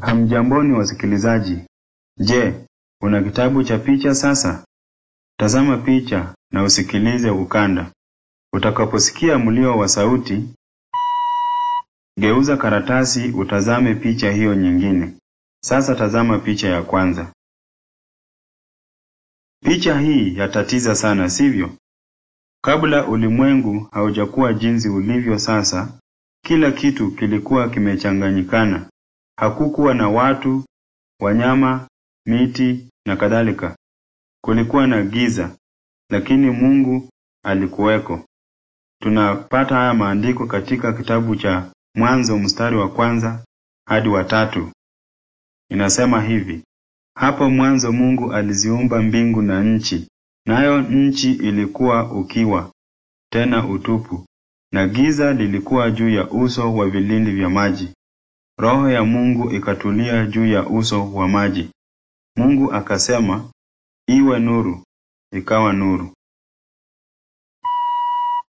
Hamjamboni wasikilizaji. Je, una kitabu cha picha sasa? Tazama picha na usikilize ukanda. Utakaposikia mlio wa sauti, geuza karatasi utazame picha hiyo nyingine. Sasa tazama picha ya kwanza. Picha hii yatatiza sana, sivyo? Kabla ulimwengu haujakuwa jinsi ulivyo sasa, kila kitu kilikuwa kimechanganyikana. Hakukuwa na watu, wanyama, miti na kadhalika. Kulikuwa na giza, lakini Mungu alikuweko. Tunapata haya maandiko katika kitabu cha Mwanzo mstari wa kwanza hadi wa tatu. Inasema hivi: hapo mwanzo Mungu aliziumba mbingu na nchi, nayo nchi ilikuwa ukiwa tena utupu, na giza lilikuwa juu ya uso wa vilindi vya maji, Roho ya Mungu ikatulia juu ya uso wa maji. Mungu akasema, iwe nuru, ikawa nuru.